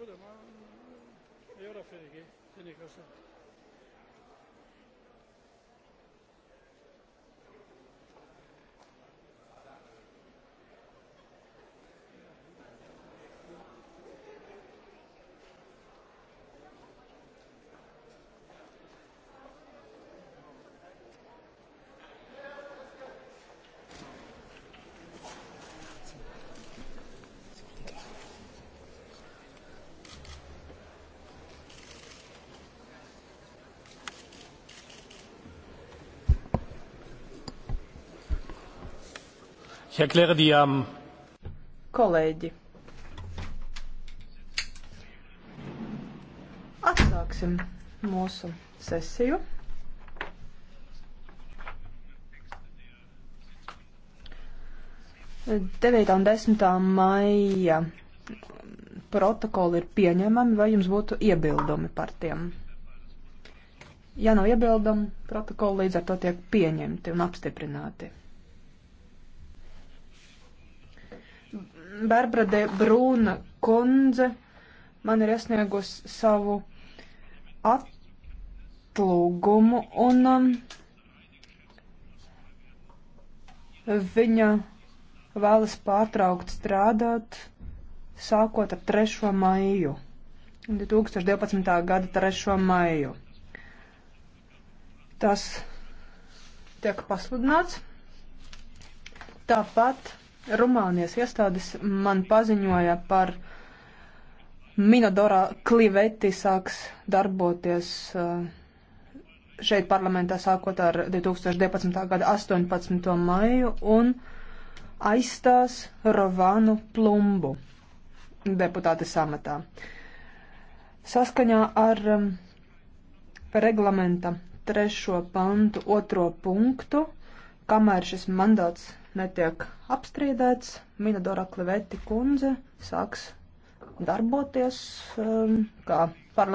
Burada mı? Yok affedin ki. Seni kasar. Ich erkläre die am. Um... Kolēģi. Atsāksim mūsu sesiju. Devītā un desmitā maija protokoli ir pieņemami, vai jums būtu iebildumi par tiem? Ja nav iebildumi, protokoli līdz ar to tiek pieņemti un apstiprināti. Barbara de Brūna kundze man ir iesniegus savu atlūgumu un um, viņa vēlas pārtraukt strādāt sākot ar 3. maiju, 2012. gada 3. maiju. Tas tiek pasludināts. Tāpat Rumānijas iestādes man paziņoja par Minodorā kliveti sāks darboties eh, šeit parlamentā sākot ar 2012. gada 18. maiju un aizstās Rovanu Plumbu deputāte samatā. Saskaņā ar eh, reglamenta trešo pantu otro punktu Kamēr šis mandāts netiek apstrīdēts, Minadora Kleveti kundze sāks darboties um, kā parlamentāra.